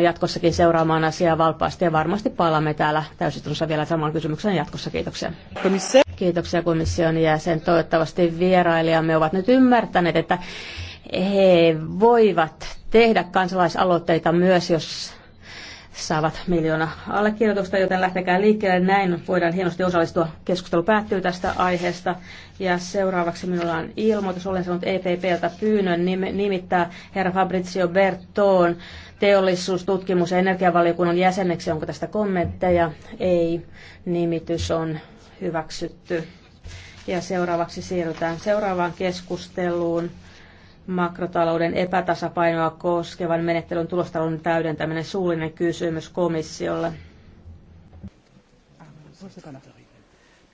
jatkossakin seuraamaan asiaa valpaasti ja varmasti palaamme täällä täysistunnossa vielä samaan kysymykseen jatkossa. Kiitoksia. Komissio. Kiitoksia komission jäsen. Toivottavasti vierailijamme ovat nyt ymmärtäneet, että he voivat tehdä kansalaisaloitteita myös, jos saavat miljoona allekirjoitusta, joten lähtekää liikkeelle. Näin voidaan hienosti osallistua. Keskustelu päättyy tästä aiheesta. Ja seuraavaksi minulla on ilmoitus. Olen sanonut EPPltä pyynnön nimittää herra Fabrizio Bertoon teollisuus-, tutkimus- ja energiavaliokunnan jäseneksi. Onko tästä kommentteja? Ei. Nimitys on hyväksytty. Ja seuraavaksi siirrytään seuraavaan keskusteluun. Makrotalouden epätasapainoa koskevan menettelyn tulostalouden täydentäminen suullinen kysymys komissiolle.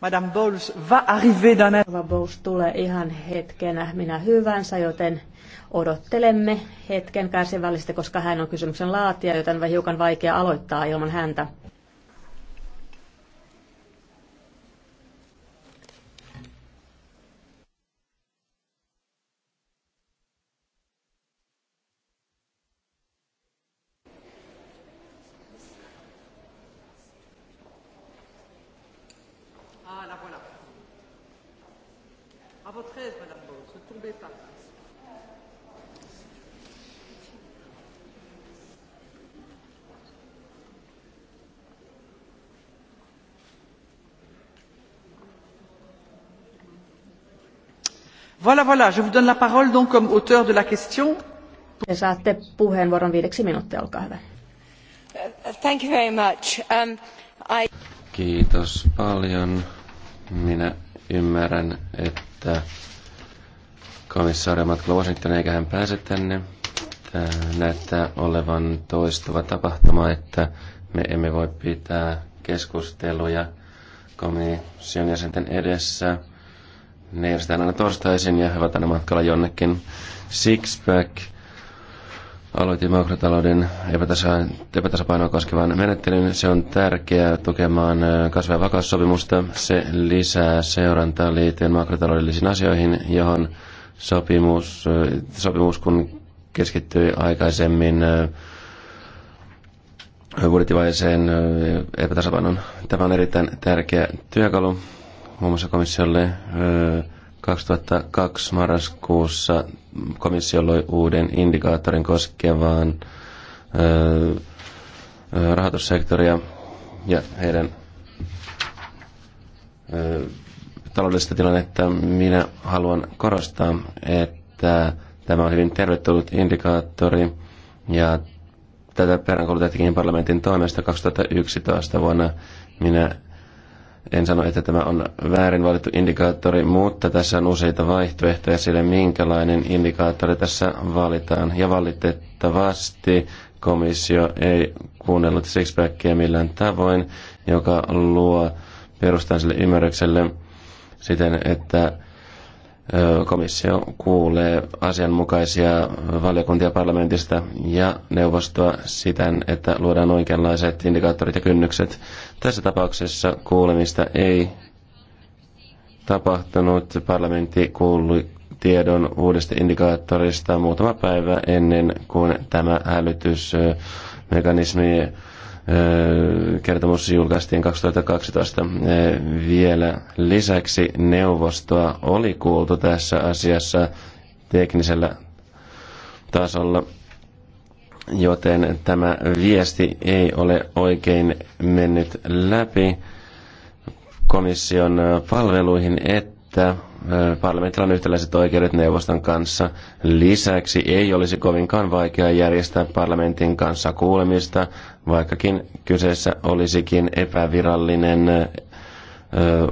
Madame Bowles va arriver dans la... tulee ihan hetkenä minä hyvänsä, joten Odottelemme hetken kärsivällisesti, koska hän on kysymyksen laatija, joten on hiukan vaikea aloittaa ilman häntä. Voilà, voilà, je vous donne la parole donc comme auteur de la question. Te saatte puheenvuoron viideksi minuuttia, olkaa hyvä. Thank you very much. Um, I... Kiitos paljon. Minä ymmärrän, että komissaari Matkla Washington eikä hän pääse tänne. Tämä näyttää olevan toistuva tapahtuma, että me emme voi pitää keskusteluja komission jäsenten edessä ne järjestetään aina torstaisin ja he ovat aina matkalla jonnekin. Sixpack aloitti makrotalouden epätasapainoa koskevan menettelyn. Se on tärkeää tukemaan kasvu- ja vakaussopimusta. Se lisää seurantaa liittyen makrotaloudellisiin asioihin, johon sopimus, sopimus kun keskittyi aikaisemmin budjettivaiseen epätasapainon. Tämä on erittäin tärkeä työkalu muun muassa komissiolle 2002 marraskuussa komissio loi uuden indikaattorin koskevaan rahoitussektoria ja heidän taloudellista tilannetta. Minä haluan korostaa, että tämä on hyvin tervetullut indikaattori ja tätä peräänkuulutettiin parlamentin toimesta 2011 vuonna. Minä en sano, että tämä on väärin valittu indikaattori, mutta tässä on useita vaihtoehtoja sille, minkälainen indikaattori tässä valitaan. Ja valitettavasti komissio ei kuunnellut sixpackia millään tavoin, joka luo perustan sille ymmärrykselle siten, että komissio kuulee asianmukaisia valiokuntia parlamentista ja neuvostoa siten, että luodaan oikeanlaiset indikaattorit ja kynnykset. Tässä tapauksessa kuulemista ei tapahtunut. Parlamentti kuului tiedon uudesta indikaattorista muutama päivä ennen kuin tämä hälytysmekanismi kertomus julkaistiin 2012. Vielä lisäksi neuvostoa oli kuultu tässä asiassa teknisellä tasolla, joten tämä viesti ei ole oikein mennyt läpi komission palveluihin, että parlamentilla on yhtäläiset oikeudet neuvoston kanssa. Lisäksi ei olisi kovinkaan vaikeaa järjestää parlamentin kanssa kuulemista, vaikkakin kyseessä olisikin epävirallinen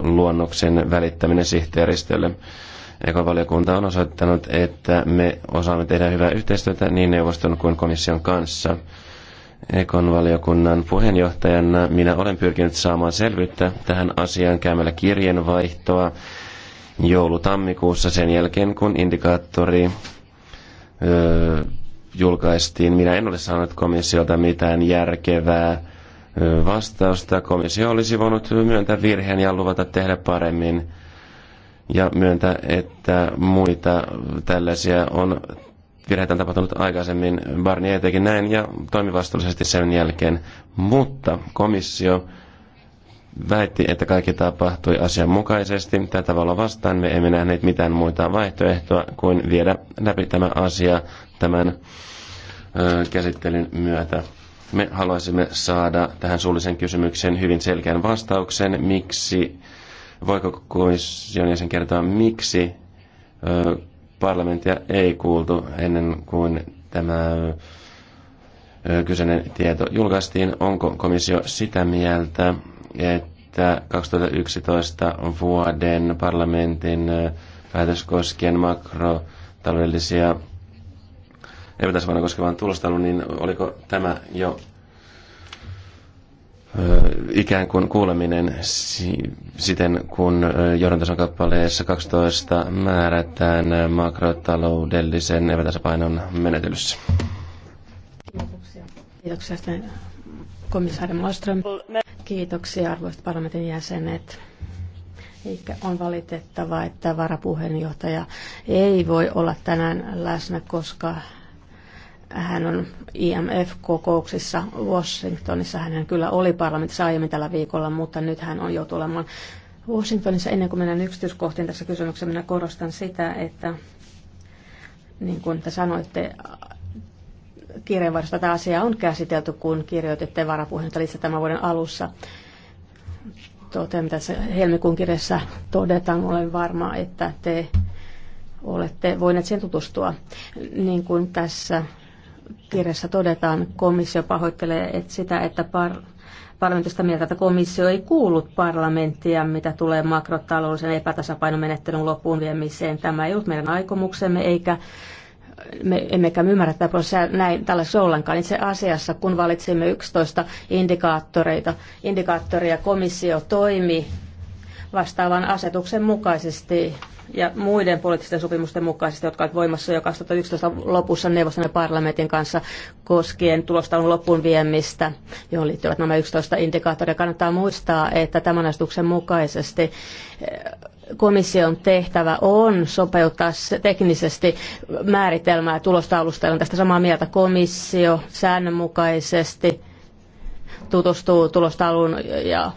luonnoksen välittäminen sihteeristölle. Ekovaliokunta on osoittanut, että me osaamme tehdä hyvää yhteistyötä niin neuvoston kuin komission kanssa. Ekon valiokunnan puheenjohtajana minä olen pyrkinyt saamaan selvyyttä tähän asiaan käymällä kirjeenvaihtoa joulutammikuussa sen jälkeen, kun indikaattori öö, julkaistiin. Minä en ole saanut komissiolta mitään järkevää vastausta. Komissio olisi voinut myöntää virheen ja luvata tehdä paremmin ja myöntää, että muita tällaisia on virheitä on tapahtunut aikaisemmin. Barnier teki näin ja toimi vastuullisesti sen jälkeen. Mutta komissio väitti, että kaikki tapahtui asianmukaisesti. Tätä valo vastaan me emme nähneet mitään muita vaihtoehtoa kuin viedä läpi tämä asia tämän ö, käsittelyn myötä. Me haluaisimme saada tähän suullisen kysymykseen hyvin selkeän vastauksen, miksi, voiko komission jäsen kertoa, miksi ö, parlamenttia ei kuultu ennen kuin tämä ö, kyseinen tieto julkaistiin. Onko komissio sitä mieltä, että 2011 vuoden parlamentin äh, päätös koskien makrotaloudellisia epätasapainoa koskevan tulostelun, niin oliko tämä jo äh, ikään kuin kuuleminen siten, kun äh, johdantason kappaleessa 12 määrätään makrotaloudellisen epätasapainon menetelyssä. Kiitoksia. Kiitoksia komissaari Malmström. Kiitoksia arvoisat parlamentin jäsenet. Eikä on valitettavaa, että varapuheenjohtaja ei voi olla tänään läsnä, koska hän on IMF-kokouksissa Washingtonissa. Hän kyllä oli parlamentissa aiemmin tällä viikolla, mutta nyt hän on jo olemaan Washingtonissa. Ennen kuin mennään yksityiskohtiin tässä kysymyksessä, minä korostan sitä, että niin kuin te sanoitte, kirjeenvaihdossa tätä asiaa on käsitelty, kun kirjoititte varapuheenjohtajalista tämän vuoden alussa. Toteamme tässä helmikuun kirjassa todetaan, olen varma, että te olette voineet sen tutustua. Niin kuin tässä kirjassa todetaan, komissio pahoittelee että sitä, että par- parlamentista mieltä, että komissio ei kuullut parlamenttia, mitä tulee makrotaloudellisen epätasapainomenettelyn loppuun viemiseen. Tämä ei ollut meidän aikomuksemme, eikä me emmekä ymmärrä että prosessia näin tällaisessa ollenkaan. Itse asiassa, kun valitsimme 11 indikaattoreita, indikaattoria komissio toimi vastaavan asetuksen mukaisesti ja muiden poliittisten sopimusten mukaisesti, jotka ovat voimassa jo 2011 lopussa neuvoston ja parlamentin kanssa koskien tulostaulun loppuun viemistä, johon liittyvät nämä 11 indikaattoria. Kannattaa muistaa, että tämän asetuksen mukaisesti komission tehtävä on sopeuttaa teknisesti määritelmää tulostaulusta. Olen tästä samaa mieltä komissio säännönmukaisesti tutustuu tulostauluun ja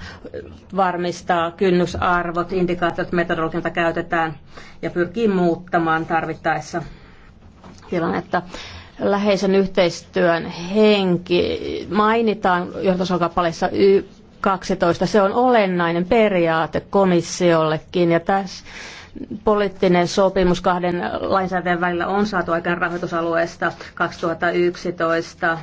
varmistaa kynnysarvot, indikaatiot, metodologian, jota käytetään ja pyrkii muuttamaan tarvittaessa tilannetta. Läheisen yhteistyön henki mainitaan johtosokappaleessa y- 12. Se on olennainen periaate komissiollekin ja tässä poliittinen sopimus kahden lainsäätäjän välillä on saatu aikaan rahoitusalueesta 2011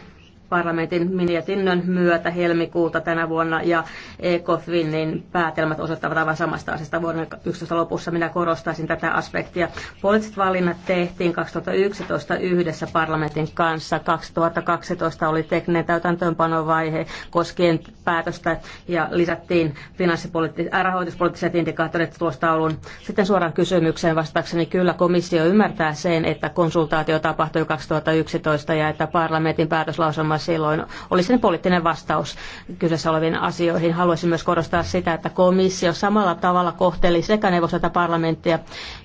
parlamentin mietinnön myötä helmikuuta tänä vuonna ja ECOFINin päätelmät osoittavat aivan samasta asiasta vuoden 2011 lopussa. Minä korostaisin tätä aspektia. Poliittiset valinnat tehtiin 2011 yhdessä parlamentin kanssa. 2012 oli tekninen täytäntöönpanovaihe koskien päätöstä ja lisättiin äh, rahoituspoliittiset indikaattorit alun. Sitten suoraan kysymykseen vastaakseni kyllä komissio ymmärtää sen, että konsultaatio tapahtui 2011 ja että parlamentin päätöslausuma ongelma silloin oli sen poliittinen vastaus kyseessä oleviin asioihin. Haluaisin myös korostaa sitä, että komissio samalla tavalla kohteli sekä neuvosto että parlamenttia,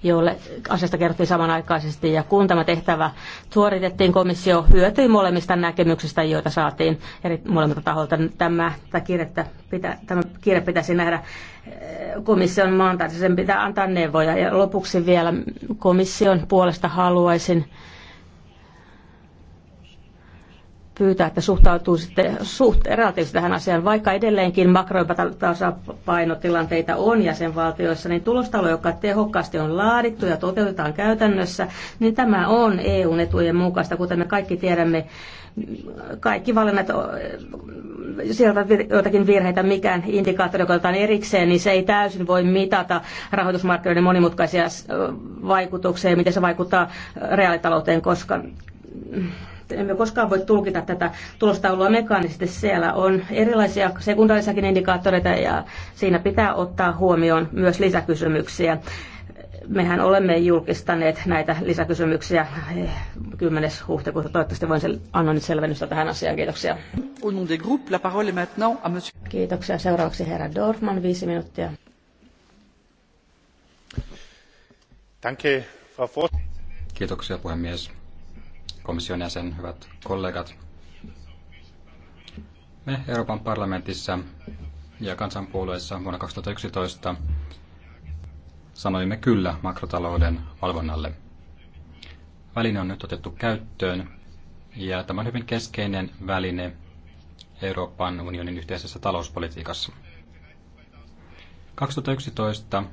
joille asiasta kerrottiin samanaikaisesti. Ja kun tämä tehtävä suoritettiin, komissio hyötyi molemmista näkemyksistä, joita saatiin eri molemmilta taholta. Tämä, tämä, pitä, tämä kirje pitäisi nähdä eh, komission maantaisen, sen pitää antaa neuvoja. Ja lopuksi vielä komission puolesta haluaisin pyytää, että suhtautuisitte suht relatiivisesti tähän asiaan, vaikka edelleenkin makroepätasapainotilanteita on jäsenvaltioissa, niin tulostalo, joka tehokkaasti on laadittu ja toteutetaan käytännössä, niin tämä on EUn etujen mukaista, kuten me kaikki tiedämme. Kaikki valinnat, sieltä joitakin virheitä, mikään indikaattori, joka otetaan erikseen, niin se ei täysin voi mitata rahoitusmarkkinoiden monimutkaisia vaikutuksia ja miten se vaikuttaa reaalitalouteen, koska emme koskaan voi tulkita tätä tulostaulua mekaanisesti. Siellä on erilaisia sekundaarisakin indikaattoreita ja siinä pitää ottaa huomioon myös lisäkysymyksiä. Mehän olemme julkistaneet näitä lisäkysymyksiä 10. Eh, huhtikuuta. Toivottavasti voin sel- annan nyt selvennystä tähän asiaan. Kiitoksia. Kiitoksia. Seuraavaksi herra Dorfman, viisi minuuttia. Kiitoksia puhemies komission jäsen, hyvät kollegat. Me Euroopan parlamentissa ja kansanpuolueessa vuonna 2011 sanoimme kyllä makrotalouden valvonnalle. Väline on nyt otettu käyttöön ja tämä on hyvin keskeinen väline Euroopan unionin yhteisessä talouspolitiikassa. 2011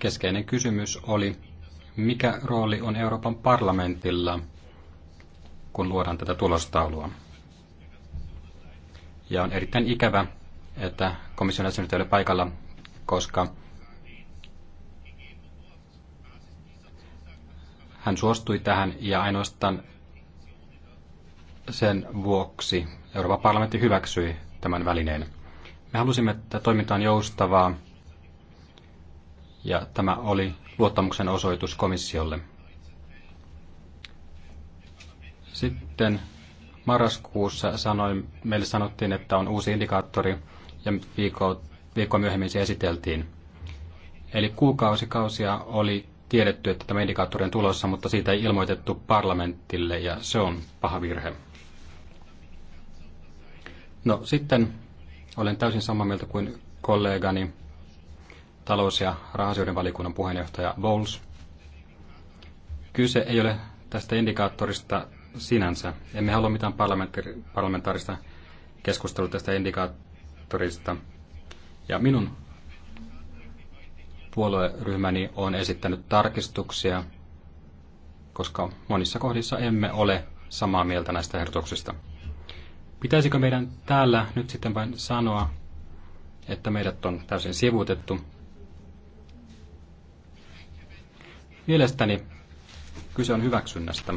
keskeinen kysymys oli, mikä rooli on Euroopan parlamentilla, kun luodaan tätä tulostaulua. Ja on erittäin ikävä, että komission jäsenet ei ole paikalla, koska hän suostui tähän ja ainoastaan sen vuoksi Euroopan parlamentti hyväksyi tämän välineen. Me halusimme, että toiminta on joustavaa, ja tämä oli luottamuksen osoitus komissiolle. Sitten marraskuussa sanoin, meille sanottiin, että on uusi indikaattori ja viikko, viikko myöhemmin se esiteltiin. Eli kuukausikausia oli tiedetty, että tämä indikaattori on tulossa, mutta siitä ei ilmoitettu parlamentille ja se on paha virhe. No sitten olen täysin samaa mieltä kuin kollegani talous- ja rahasioiden valikunnan puheenjohtaja Bowles. Kyse ei ole tästä indikaattorista sinänsä. Emme halua mitään parlamentaarista keskustelua tästä indikaattorista. Ja minun puolueryhmäni on esittänyt tarkistuksia, koska monissa kohdissa emme ole samaa mieltä näistä ehdotuksista. Pitäisikö meidän täällä nyt sitten vain sanoa, että meidät on täysin sivuutettu Mielestäni kyse on hyväksynnästä.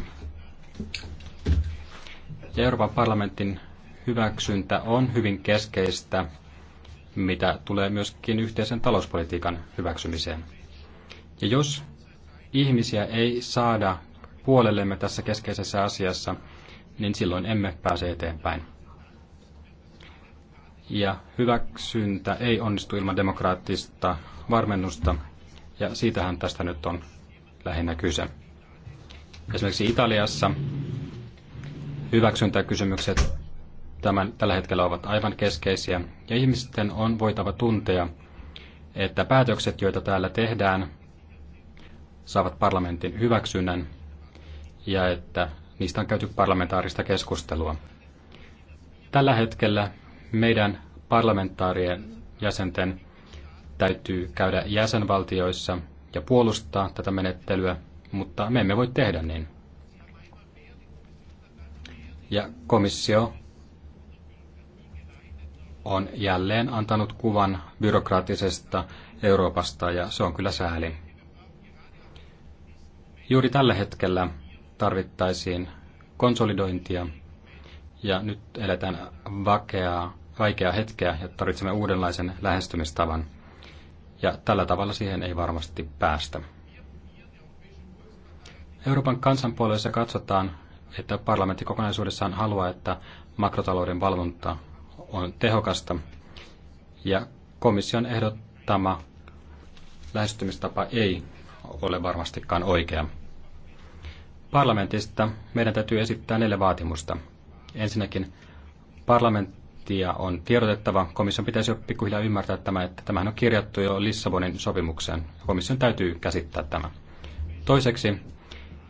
Ja Euroopan parlamentin hyväksyntä on hyvin keskeistä, mitä tulee myöskin yhteisen talouspolitiikan hyväksymiseen. Ja jos ihmisiä ei saada puolellemme tässä keskeisessä asiassa, niin silloin emme pääse eteenpäin. Ja hyväksyntä ei onnistu ilman demokraattista varmennusta, ja siitähän tästä nyt on lähinnä kyse. Esimerkiksi Italiassa hyväksyntäkysymykset tämän, tällä hetkellä ovat aivan keskeisiä, ja ihmisten on voitava tuntea, että päätökset, joita täällä tehdään, saavat parlamentin hyväksynnän ja että niistä on käyty parlamentaarista keskustelua. Tällä hetkellä meidän parlamentaarien jäsenten täytyy käydä jäsenvaltioissa – ja puolustaa tätä menettelyä, mutta me emme voi tehdä niin. Ja komissio on jälleen antanut kuvan byrokraattisesta Euroopasta ja se on kyllä sääli. Juuri tällä hetkellä tarvittaisiin konsolidointia ja nyt eletään vaikeaa, vaikeaa hetkeä ja tarvitsemme uudenlaisen lähestymistavan ja tällä tavalla siihen ei varmasti päästä. Euroopan kansanpuolueessa katsotaan, että parlamentti kokonaisuudessaan haluaa, että makrotalouden valvonta on tehokasta ja komission ehdottama lähestymistapa ei ole varmastikaan oikea. Parlamentista meidän täytyy esittää neljä vaatimusta. Ensinnäkin parlamentti pakettia on tiedotettava. Komission pitäisi jo pikkuhiljaa ymmärtää tämä, että tämähän on kirjattu jo Lissabonin sopimukseen. Komission täytyy käsittää tämä. Toiseksi,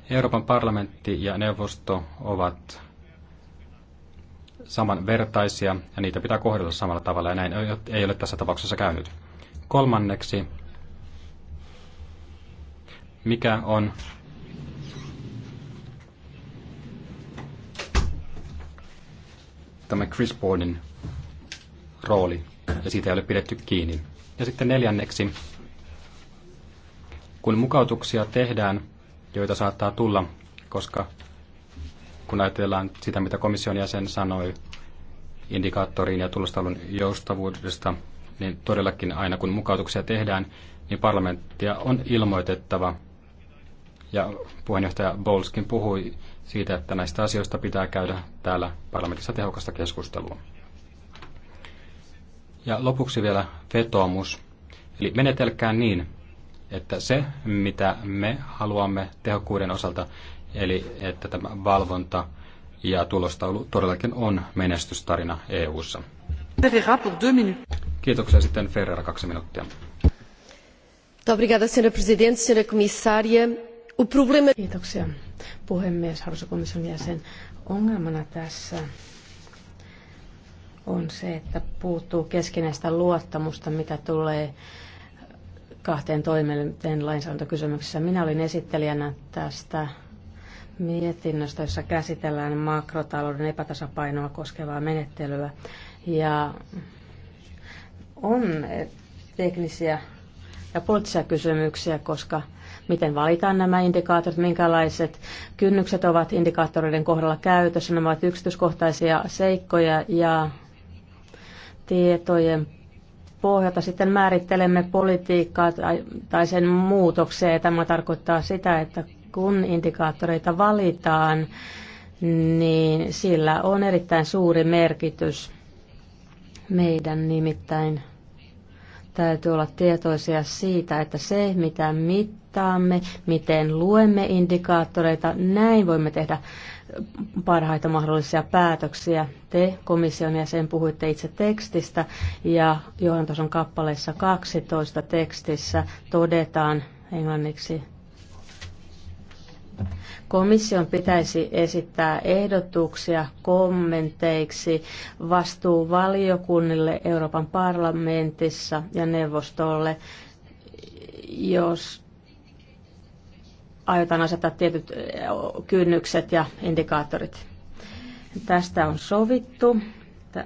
Euroopan parlamentti ja neuvosto ovat samanvertaisia ja niitä pitää kohdella samalla tavalla ja näin ei ole tässä tapauksessa käynyt. Kolmanneksi, mikä on tämä Chris Boardin rooli, ja siitä ei ole pidetty kiinni. Ja sitten neljänneksi, kun mukautuksia tehdään, joita saattaa tulla, koska kun ajatellaan sitä, mitä komission jäsen sanoi indikaattoriin ja tulostalun joustavuudesta, niin todellakin aina kun mukautuksia tehdään, niin parlamenttia on ilmoitettava. Ja puheenjohtaja Bolskin puhui siitä, että näistä asioista pitää käydä täällä parlamentissa tehokasta keskustelua. Ja lopuksi vielä vetoomus. Eli menetelkää niin, että se, mitä me haluamme tehokkuuden osalta, eli että tämä valvonta ja tulostaulu todellakin on menestystarina EU:ssa. Kiitoksia sitten Ferreira kaksi minuuttia. Obrigada, senhora presidente, senhora comissária. Kiitoksia puhemies, arvoisa komission jäsen. Ongelmana tässä on se, että puuttuu keskinäistä luottamusta, mitä tulee kahteen toimeen lainsäädäntökysymyksessä. Minä olin esittelijänä tästä mietinnöstä, jossa käsitellään makrotalouden epätasapainoa koskevaa menettelyä. Ja on teknisiä ja poliittisia kysymyksiä, koska miten valitaan nämä indikaattorit, minkälaiset kynnykset ovat indikaattoreiden kohdalla käytössä. Nämä ovat yksityiskohtaisia seikkoja ja tietojen pohjalta sitten määrittelemme politiikkaa tai sen muutoksia. Ja tämä tarkoittaa sitä, että kun indikaattoreita valitaan, niin sillä on erittäin suuri merkitys. Meidän nimittäin Täytyy olla tietoisia siitä, että se mitä mittaamme, miten luemme indikaattoreita, näin voimme tehdä parhaita mahdollisia päätöksiä. Te komission jäsen puhuitte itse tekstistä ja Johan tuossa kappaleessa 12 tekstissä todetaan englanniksi Komission pitäisi esittää ehdotuksia kommenteiksi vastuuvaliokunnille Euroopan parlamentissa ja neuvostolle, jos aiotaan asettaa tietyt eh, kynnykset ja indikaattorit. Tästä on sovittu.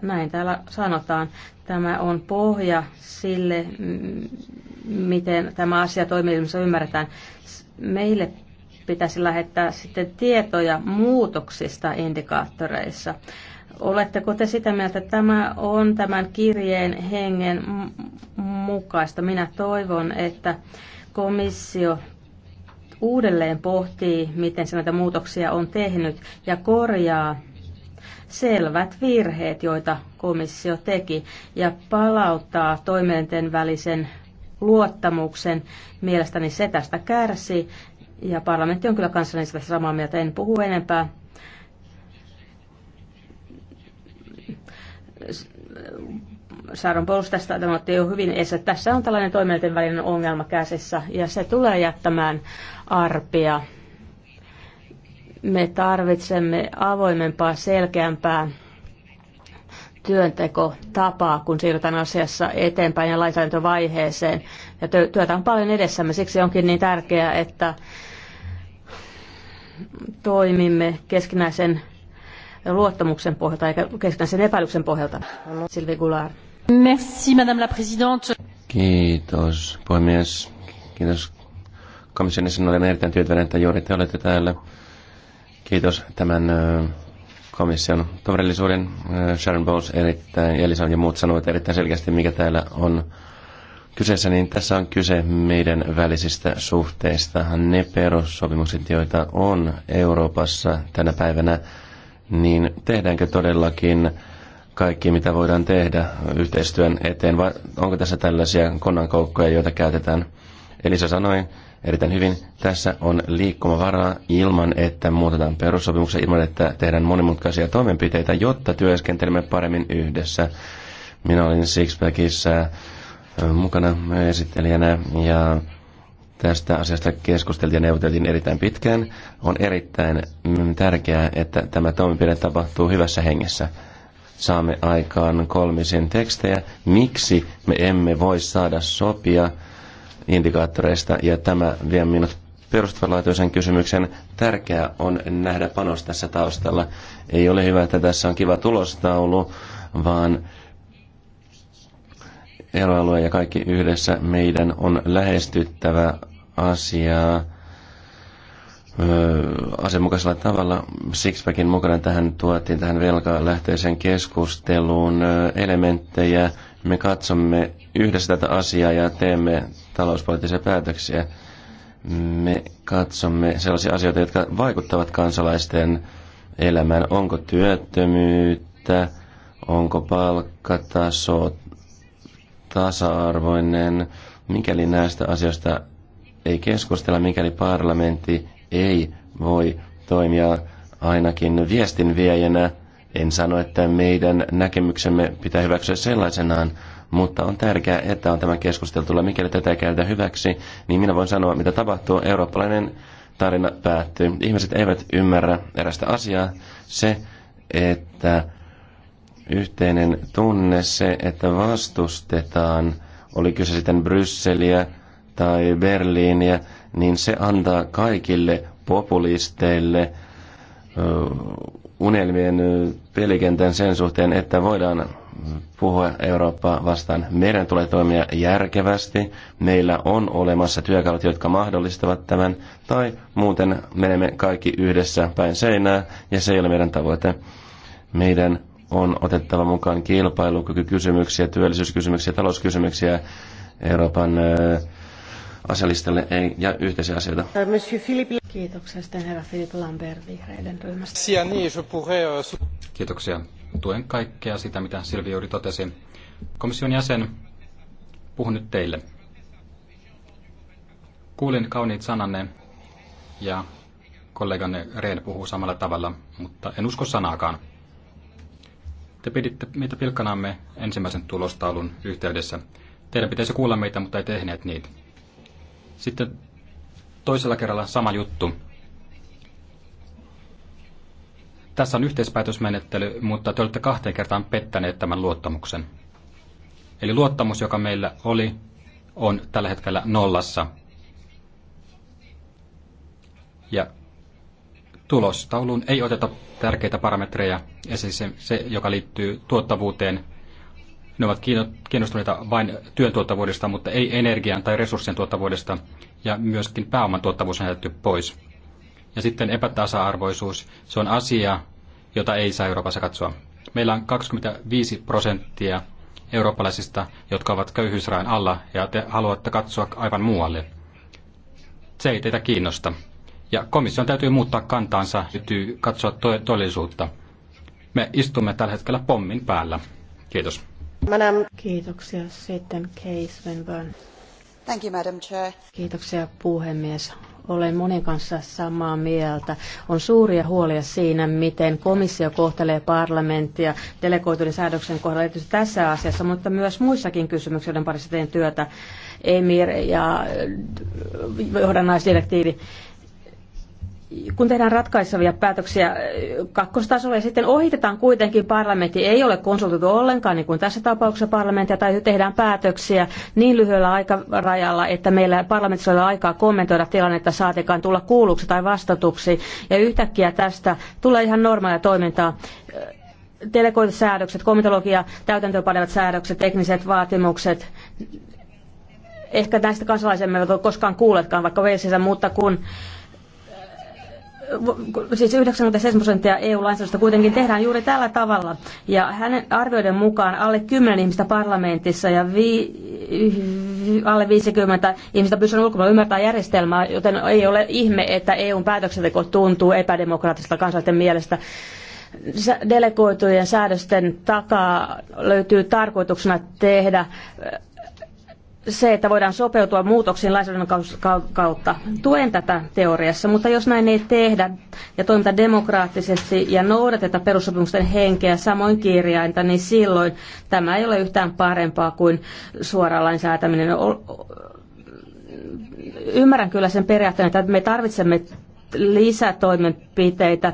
Näin täällä sanotaan. Tämä on pohja sille, miten tämä asia toimii, ymmärretään. Meille pitäisi lähettää sitten tietoja muutoksista indikaattoreissa. Oletteko te sitä mieltä, että tämä on tämän kirjeen hengen mukaista? Minä toivon, että komissio uudelleen pohtii, miten se näitä muutoksia on tehnyt ja korjaa selvät virheet, joita komissio teki, ja palauttaa toimeenten välisen luottamuksen. Mielestäni se tästä kärsii ja parlamentti on kyllä kansallisesti samaa mieltä, en puhu enempää. Saaron Pouls tästä tämä otti jo hyvin esille. Tässä on tällainen toimijoiden välinen ongelma käsissä ja se tulee jättämään arpia. Me tarvitsemme avoimempaa, selkeämpää työntekotapa, kun siirrytään asiassa eteenpäin ja lainsäädäntövaiheeseen. Ja työtä on paljon edessämme, siksi onkin niin tärkeää, että toimimme keskinäisen luottamuksen pohjalta eikä keskinäisen epäilyksen pohjalta. Silvi Goulart. Merci, madame la présidente. Kiitos, puhemies. Kiitos komissionissa. Olen erittäin tyytyväinen, että juuri te olette täällä. Kiitos tämän komission todellisuuden. Äh, Sharon Bowles erittäin, Elisan ja muut sanovat erittäin selkeästi, mikä täällä on kyseessä, niin tässä on kyse meidän välisistä suhteista. Ne perussopimukset, joita on Euroopassa tänä päivänä, niin tehdäänkö todellakin kaikki, mitä voidaan tehdä yhteistyön eteen, vai onko tässä tällaisia konnankoukkoja, joita käytetään? Elisa sanoi, erittäin hyvin. Tässä on liikkumavaraa ilman, että muutetaan perussopimuksia, ilman, että tehdään monimutkaisia toimenpiteitä, jotta työskentelemme paremmin yhdessä. Minä olin Sixpackissa äh, mukana esittelijänä ja tästä asiasta keskusteltiin ja neuvoteltiin erittäin pitkään. On erittäin tärkeää, että tämä toimenpide tapahtuu hyvässä hengessä. Saamme aikaan kolmisen tekstejä. Miksi me emme voi saada sopia indikaattoreista, ja tämä vie minut perustavanlaatuisen kysymyksen. Tärkeää on nähdä panos tässä taustalla. Ei ole hyvä, että tässä on kiva tulostaulu, vaan eroalue ja kaikki yhdessä meidän on lähestyttävä asiaa asianmukaisella tavalla. Sixpackin mukana tähän tuotiin tähän velkalähtöisen keskusteluun elementtejä. Me katsomme yhdessä tätä asiaa ja teemme talouspoliittisia päätöksiä. Me katsomme sellaisia asioita, jotka vaikuttavat kansalaisten elämään. Onko työttömyyttä, onko palkkataso tasa-arvoinen. Mikäli näistä asioista ei keskustella, mikäli parlamentti ei voi toimia ainakin viestinviejänä, en sano, että meidän näkemyksemme pitää hyväksyä sellaisenaan, mutta on tärkeää, että on tämä keskusteltu. Mikäli tätä käytä hyväksi, niin minä voin sanoa, mitä tapahtuu. Eurooppalainen tarina päättyy. Ihmiset eivät ymmärrä erästä asiaa. Se, että yhteinen tunne, se, että vastustetaan, oli kyse sitten Brysseliä tai Berliiniä, niin se antaa kaikille populisteille unelmien pelikentän sen suhteen, että voidaan puhua Eurooppaa vastaan. Meidän tulee toimia järkevästi. Meillä on olemassa työkalut, jotka mahdollistavat tämän, tai muuten menemme kaikki yhdessä päin seinää, ja se ei ole meidän tavoite. Meidän on otettava mukaan kilpailukykykysymyksiä, työllisyyskysymyksiä, talouskysymyksiä, Euroopan asialistalle ei jää yhteisiä asioita. Kiitoksia sitten herra Philip Lambert vihreiden ryhmästä. Euh, Kiitoksia. Tuen kaikkea sitä, mitä Silvi juuri totesi. Komission jäsen, puhun nyt teille. Kuulin kauniit sananne ja kolleganne Rehn puhuu samalla tavalla, mutta en usko sanaakaan. Te piditte meitä pilkkanamme ensimmäisen tulostaulun yhteydessä. Teidän pitäisi kuulla meitä, mutta ei tehneet niitä. Sitten toisella kerralla sama juttu. Tässä on yhteispäätösmenettely, mutta te olette kahteen kertaan pettäneet tämän luottamuksen. Eli luottamus, joka meillä oli, on tällä hetkellä nollassa. Ja tulostauluun ei oteta tärkeitä parametreja, esimerkiksi se, joka liittyy tuottavuuteen, ne ovat kiinnostuneita vain työn tuottavuudesta, mutta ei energian tai resurssien tuottavuudesta, ja myöskin pääoman tuottavuus on jätetty pois. Ja sitten epätasa-arvoisuus, se on asia, jota ei saa Euroopassa katsoa. Meillä on 25 prosenttia eurooppalaisista, jotka ovat köyhyysrajan alla, ja te haluatte katsoa aivan muualle. Se ei teitä kiinnosta. Ja komission täytyy muuttaa kantaansa, täytyy katsoa to- todellisuutta. Me istumme tällä hetkellä pommin päällä. Kiitos. Madam. Kiitoksia. Sitten Kay Swinburne. Thank you, Madam Chair. Kiitoksia puhemies olen monen kanssa samaa mieltä. On suuria huolia siinä, miten komissio kohtelee parlamenttia delegoitujen säädöksen kohdalla, erityisesti tässä asiassa, mutta myös muissakin kysymyksissä, joiden parissa teen työtä, EMIR ja eh, johdannaisdirektiivi kun tehdään ratkaisevia päätöksiä kakkostasolla ja sitten ohitetaan kuitenkin parlamentti, ei ole konsultoitu ollenkaan, niin kuin tässä tapauksessa parlamenttia, tai tehdään päätöksiä niin lyhyellä aikarajalla, että meillä parlamentissa ei ole aikaa kommentoida tilannetta, saatekaan tulla kuulluksi tai vastatuksi, ja yhtäkkiä tästä tulee ihan normaalia toimintaa delegoidut säädökset, komitologia, täytäntöönpanevat säädökset, tekniset vaatimukset, ehkä näistä kansalaisemme eivät ole koskaan kuulleetkaan, vaikka Walesissa, mutta kun siis 97 prosenttia EU-lainsäädännöstä kuitenkin tehdään juuri tällä tavalla. Ja hänen arvioiden mukaan alle 10 ihmistä parlamentissa ja vi, alle 50 ihmistä pystyy ulkopuolella ymmärtää järjestelmää, joten ei ole ihme, että EUn päätöksenteko tuntuu epädemokraattiselta kansalaisten mielestä delegoitujen säädösten takaa löytyy tarkoituksena tehdä se, että voidaan sopeutua muutoksiin lainsäädännön kautta. Tuen tätä teoriassa, mutta jos näin ei tehdä ja toimita demokraattisesti ja noudateta perussopimusten henkeä samoin kirjainta, niin silloin tämä ei ole yhtään parempaa kuin suora lainsäätäminen. Ymmärrän kyllä sen periaatteen, että me tarvitsemme lisätoimenpiteitä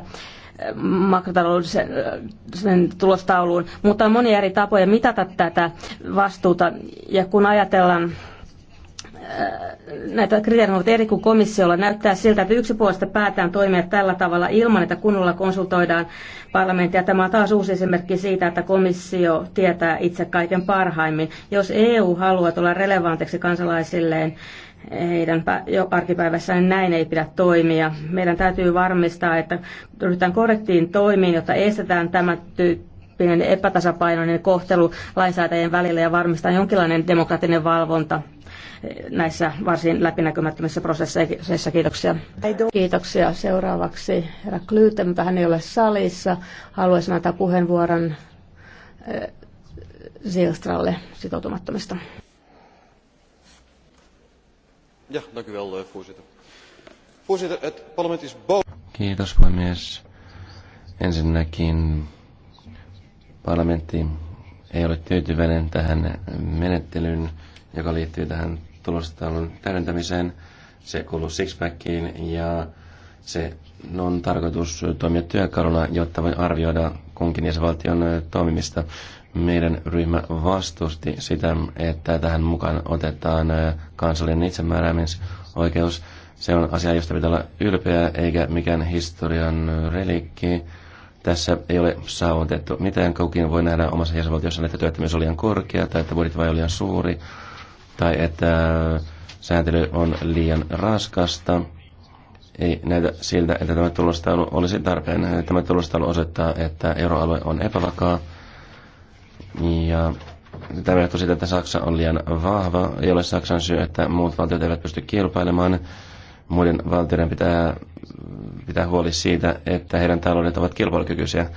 makrotaloudellisen tulostauluun, mutta on monia eri tapoja mitata tätä vastuuta. Ja kun ajatellaan äh, näitä kriteerejä ovat eri kuin komissiolla. Näyttää siltä, että yksipuolista päätään toimia tällä tavalla ilman, että kunnolla konsultoidaan parlamenttia. Tämä on taas uusi esimerkki siitä, että komissio tietää itse kaiken parhaimmin. Jos EU haluaa tulla relevantiksi kansalaisilleen, heidän jo arkipäivässään näin ei pidä toimia. Meidän täytyy varmistaa, että ryhdytään korrektiin toimiin, jotta estetään tämä tyyppinen epätasapainoinen kohtelu lainsäätäjien välillä ja varmistaa jonkinlainen demokraattinen valvonta näissä varsin läpinäkymättömissä prosesseissa. Kiitoksia. Kiitoksia. Seuraavaksi herra Klyytä, mutta hän ei ole salissa. Haluaisin antaa puheenvuoron eh, Zilstralle sitoutumattomista. Eh, voorzitter het parlement is boos. Kiitos puhemies. Ensinnäkin parlamentti ei ole tyytyväinen tähän menettelyyn, joka liittyy tähän tulostaulun täydentämiseen. Se kuuluu Sixpackiin ja se on tarkoitus toimia työkaluna, jotta arvioida kunkin jäsenvaltion eh, toimimista meidän ryhmä vastusti sitä, että tähän mukaan otetaan äh, kansallinen itsemääräämisoikeus. Se on asia, josta pitää olla ylpeä, eikä mikään historian relikki. Tässä ei ole saavutettu mitään. Kaukin voi nähdä omassa jäsenvaltiossaan, että työttömyys on liian korkea, tai että budjetti on liian suuri, tai että äh, sääntely on liian raskasta. Ei näytä siltä, että tämä tulostaulu olisi tarpeen. Tämä tulostaulu osoittaa, että euroalue on epävakaa ja tämä johtuu siitä, että Saksa on liian vahva. Ei ole Saksan syy, että muut valtiot eivät pysty kilpailemaan. Muiden valtioiden pitää pitää huoli siitä, että heidän taloudet ovat kilpailukykyisiä.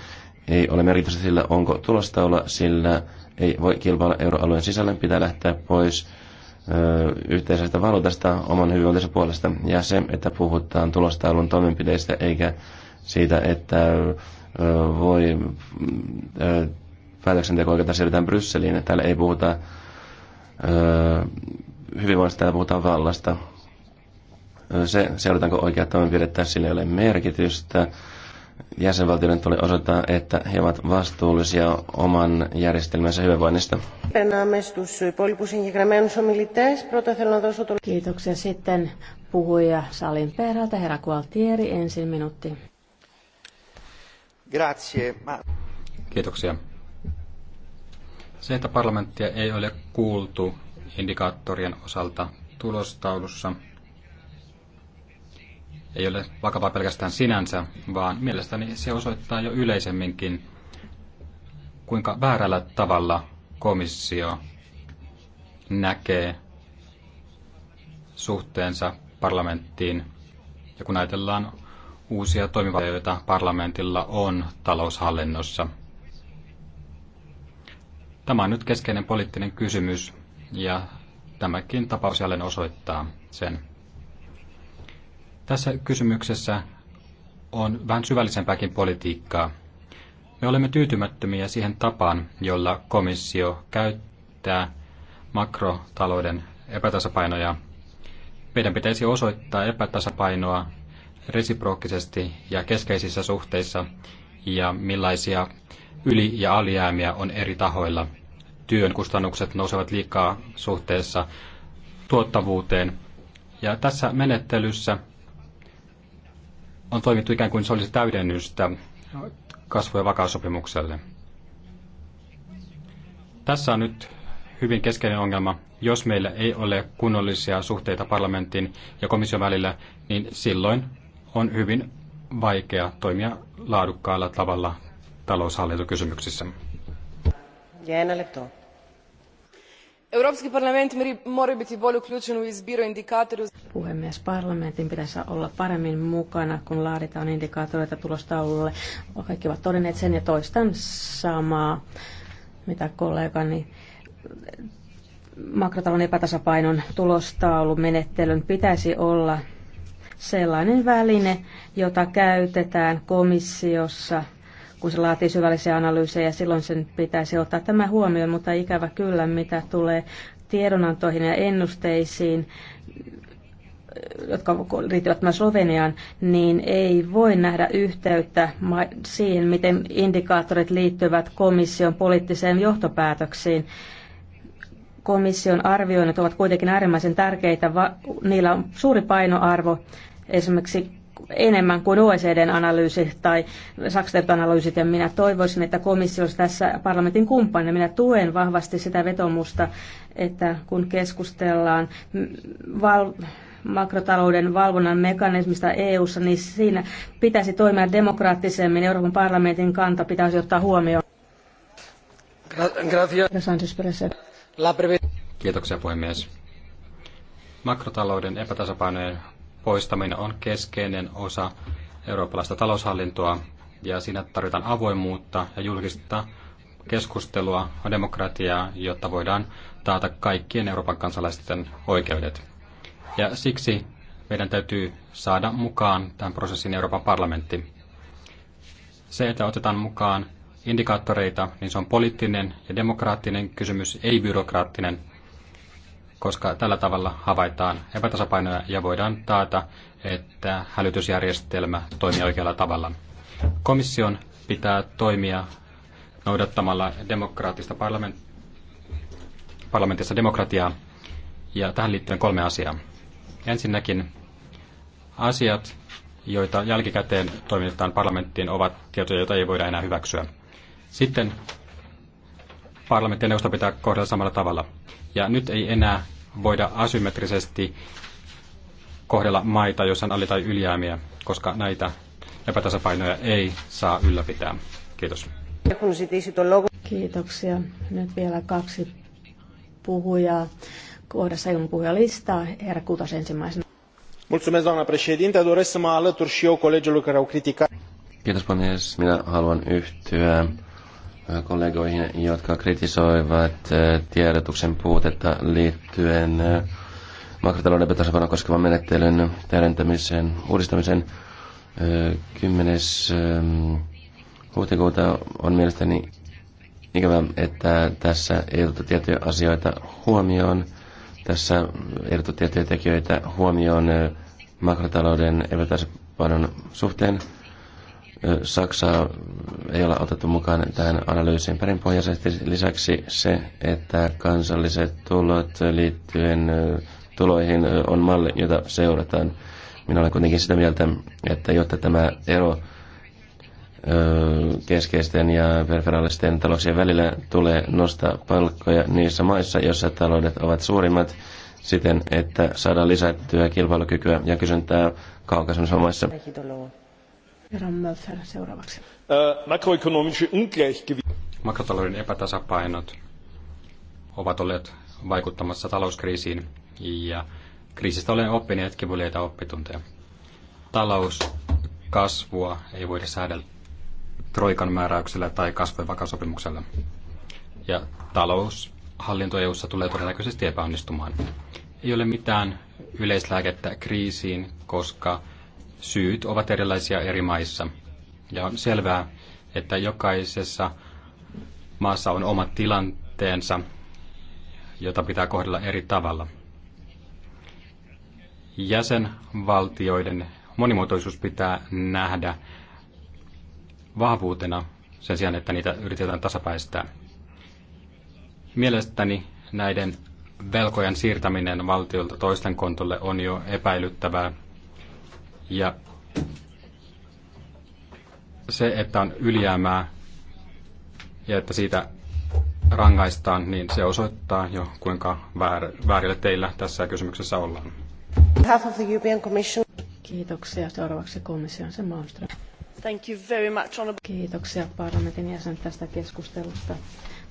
Ei ole merkitystä sillä, onko tulostaula, sillä ei voi kilpailla euroalueen sisällä, pitää lähteä pois ö, yhteisestä valuutasta oman hyvinvointinsa puolesta. Ja se, että puhutaan tulostaulun toimenpiteistä eikä siitä, että ö, voi ö, päätöksenteko oikeastaan siirretään Brysseliin. Täällä ei puhuta öö, hyvinvoinnista, täällä puhutaan vallasta. Se, seurataanko oikea että sillä ei ole merkitystä. Jäsenvaltioiden tulee osoittaa, että he ovat vastuullisia oman järjestelmänsä hyvinvoinnista. Kiitoksia. Sitten puhuja salin perältä, herra Gualtieri, ensin minuutti. Grazie. Kiitoksia. Se, että parlamenttia ei ole kuultu indikaattorien osalta tulostaulussa, ei ole vakavaa pelkästään sinänsä, vaan mielestäni se osoittaa jo yleisemminkin, kuinka väärällä tavalla komissio näkee suhteensa parlamenttiin. Ja kun ajatellaan uusia toimivaltoja, joita parlamentilla on taloushallinnossa – Tämä on nyt keskeinen poliittinen kysymys ja tämäkin tapaus jälleen osoittaa sen. Tässä kysymyksessä on vähän syvällisempääkin politiikkaa. Me olemme tyytymättömiä siihen tapaan, jolla komissio käyttää makrotalouden epätasapainoja. Meidän pitäisi osoittaa epätasapainoa resiprookkisesti ja keskeisissä suhteissa ja millaisia yli- ja alijäämiä on eri tahoilla. Työn kustannukset nousevat liikaa suhteessa tuottavuuteen. Ja tässä menettelyssä on toimittu ikään kuin se olisi täydennystä kasvu- ja vakaussopimukselle. Tässä on nyt hyvin keskeinen ongelma. Jos meillä ei ole kunnollisia suhteita parlamentin ja komission välillä, niin silloin on hyvin vaikea toimia laadukkaalla tavalla taloushallintokysymyksissä. Europski parlament mora biti bolje uključen u izbiru indikatora. Puhemies, parlamentin pitäisi olla paremmin mukana, kun laaditaan indikaattoreita tulostaululle. Kaikki ovat todenneet sen ja toistan samaa, mitä kollegani makrotalon epätasapainon tulostaulumenettelyn pitäisi olla sellainen väline, jota käytetään komissiossa – kun se laatii syvällisiä analyysejä, silloin sen pitäisi ottaa tämä huomioon, mutta ikävä kyllä, mitä tulee tiedonantoihin ja ennusteisiin, jotka liittyvät myös Sloveniaan, niin ei voi nähdä yhteyttä siihen, miten indikaattorit liittyvät komission poliittiseen johtopäätöksiin. Komission arvioinnit ovat kuitenkin äärimmäisen tärkeitä, niillä on suuri painoarvo esimerkiksi enemmän kuin OECDn analyysi tai Saksan analyysit, ja minä toivoisin, että komissio olisi tässä parlamentin kumppanina. Minä tuen vahvasti sitä vetomusta, että kun keskustellaan val- makrotalouden valvonnan mekanismista EU:ssa, niin siinä pitäisi toimia demokraattisemmin. Euroopan parlamentin kanta pitäisi ottaa huomioon. Kiitoksia puhemies. Makrotalouden epätasapainojen poistaminen on keskeinen osa eurooppalaista taloushallintoa ja siinä tarvitaan avoimuutta ja julkista keskustelua ja demokratiaa, jotta voidaan taata kaikkien Euroopan kansalaisten oikeudet. Ja siksi meidän täytyy saada mukaan tämän prosessin Euroopan parlamentti. Se, että otetaan mukaan indikaattoreita, niin se on poliittinen ja demokraattinen kysymys, ei byrokraattinen koska tällä tavalla havaitaan epätasapainoja ja voidaan taata, että hälytysjärjestelmä toimii oikealla tavalla. Komission pitää toimia noudattamalla demokraattista parlament- parlamentissa demokratiaa, ja tähän liittyen kolme asiaa. Ensinnäkin asiat, joita jälkikäteen toimitetaan parlamenttiin, ovat tietoja, joita ei voida enää hyväksyä. Sitten parlamentin neuvosto pitää kohdella samalla tavalla. Ja nyt ei enää voida asymmetrisesti kohdella maita, joissa on ali- tai ylijäämiä, koska näitä epätasapainoja ei saa ylläpitää. Kiitos. Kiitoksia. Nyt vielä kaksi puhujaa. Kohdassa ilman puhujalistaa. Herra Kutas ensimmäisenä. Mulțumesc, doamna președinte. Doresc să mă alătur și eu colegilor care au criticat. Kiitos, puhemies. Minä haluan yhtyä kollegoihin, jotka kritisoivat eh, tiedotuksen puutetta liittyen eh, makrotalouden epätasapainoa koskevan menettelyn täydentämiseen, uudistamiseen. Eh, 10. huhtikuuta on mielestäni ikävä, että tässä ei otettu tiettyjä asioita huomioon. Tässä ei otettu tiettyjä tekijöitä huomioon makrotalouden epätasapainon suhteen. Saksaa ei ole otettu mukaan tähän analyysiin perinpohjaisesti. Lisäksi se, että kansalliset tulot liittyen tuloihin on malli, jota seurataan. Minä olen kuitenkin sitä mieltä, että jotta tämä ero keskeisten ja perferaalisten talouksien välillä tulee nostaa palkkoja niissä maissa, joissa taloudet ovat suurimmat, siten että saadaan lisättyä kilpailukykyä ja kysyntää kaukaisemmissa maissa. Herra Makrotalouden epätasapainot ovat olleet vaikuttamassa talouskriisiin ja kriisistä olen oppineet kivuliaita oppitunteja. Talouskasvua ei voida säädellä troikan määräyksellä tai ja vakasopimuksella. Ja taloushallinto EU:ssa tulee todennäköisesti epäonnistumaan. Ei ole mitään yleislääkettä kriisiin, koska syyt ovat erilaisia eri maissa. Ja on selvää, että jokaisessa maassa on omat tilanteensa, jota pitää kohdella eri tavalla. Jäsenvaltioiden monimuotoisuus pitää nähdä vahvuutena sen sijaan, että niitä yritetään tasapäistää. Mielestäni näiden velkojen siirtäminen valtiolta toisten kontolle on jo epäilyttävää ja se, että on ylijäämää ja että siitä rangaistaan, niin se osoittaa jo, kuinka väärillä teillä tässä kysymyksessä ollaan. Kiitoksia. Seuraavaksi komission se Malmström. Thank you very much. Kiitoksia parlamentin jäsen tästä keskustelusta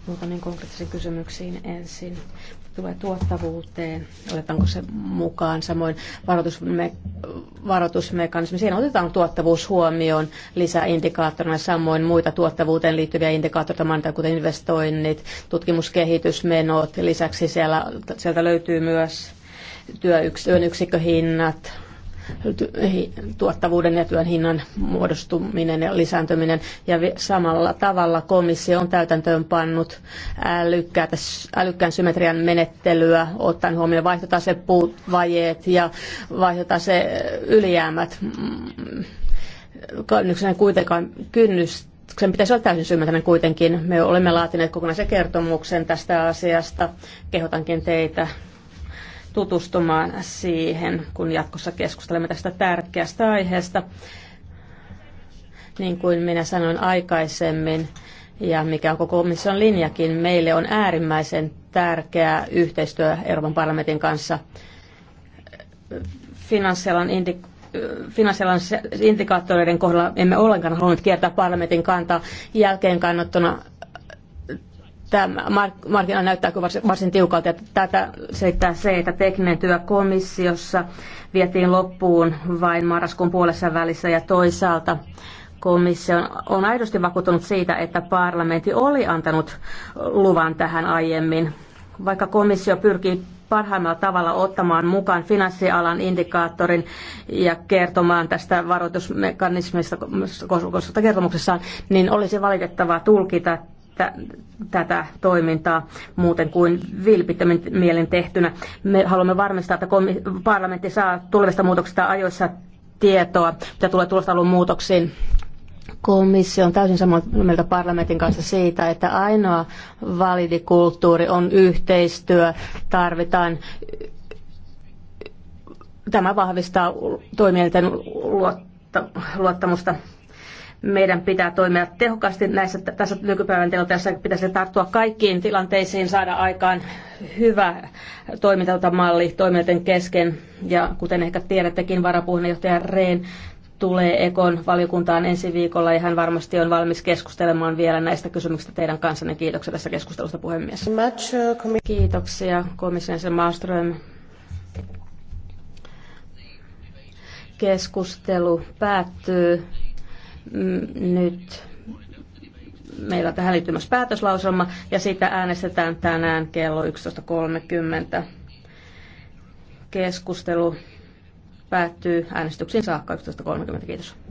muutamiin konkreettisiin kysymyksiin ensin. Tulee tuottavuuteen, otetaanko se mukaan, samoin varoitusme- varoitusmekanismi. Siinä otetaan tuottavuus huomioon lisäindikaattorina, samoin muita tuottavuuteen liittyviä indikaattoreita, mainitaan kuten investoinnit, tutkimuskehitysmenot. Lisäksi siellä, sieltä löytyy myös työn yksikköhinnat, tuottavuuden ja työn hinnan muodostuminen ja lisääntyminen. Ja samalla tavalla komissio on täytäntöön pannut älykkään symmetrian menettelyä, ottaen huomioon vaihtotasevajeet ja vaihtotase ylijäämät. Kynnyksen mm, kuitenkaan kynnystä sen pitäisi olla täysin symmetrinen kuitenkin. Me olemme laatineet kokonaisen kertomuksen tästä asiasta. Kehotankin teitä tutustumaan siihen, kun jatkossa keskustelemme tästä tärkeästä aiheesta. Niin kuin minä sanoin aikaisemmin, ja mikä on koko komission linjakin, meille on äärimmäisen tärkeää yhteistyö Euroopan parlamentin kanssa. Finanssialan indikaatio finanssialan indikaattoreiden kohdalla emme ollenkaan halunnut kiertää parlamentin kantaa jälkeen kannattuna tämä mark- markkina näyttää varsin, varsin tiukalta. Tätä selittää se, että tekninen työ komissiossa vietiin loppuun vain marraskuun puolessa välissä ja toisaalta komissio on aidosti vakuuttunut siitä, että parlamentti oli antanut luvan tähän aiemmin. Vaikka komissio pyrkii parhaimmalla tavalla ottamaan mukaan finanssialan indikaattorin ja kertomaan tästä varoitusmekanismista kertomuksessaan, niin olisi valitettavaa tulkita tätä toimintaa muuten kuin vilpittömin mielen tehtynä. Me haluamme varmistaa, että parlamentti saa tulevista muutoksista ajoissa tietoa, mitä tulee tulostalun muutoksiin. Komissio on täysin samaa mieltä parlamentin kanssa siitä, että ainoa validikulttuuri on yhteistyö. Tarvitaan Tämä vahvistaa toimijoiden luottamusta meidän pitää toimia tehokkaasti näissä, tässä nykypäivän tilanteessa. Pitäisi tarttua kaikkiin tilanteisiin, saada aikaan hyvä toimintamalli toimijoiden kesken. Ja kuten ehkä tiedättekin, varapuheenjohtaja Reen tulee Ekon valiokuntaan ensi viikolla ja hän varmasti on valmis keskustelemaan vielä näistä kysymyksistä teidän kanssanne. Kiitoksia tässä keskustelusta puhemies. Kiitoksia komission Maaström. Keskustelu päättyy. Mm, nyt meillä tähän tähän myös päätöslauselma ja siitä äänestetään tänään kello 11.30. Keskustelu päättyy äänestyksiin saakka 11.30. Kiitos.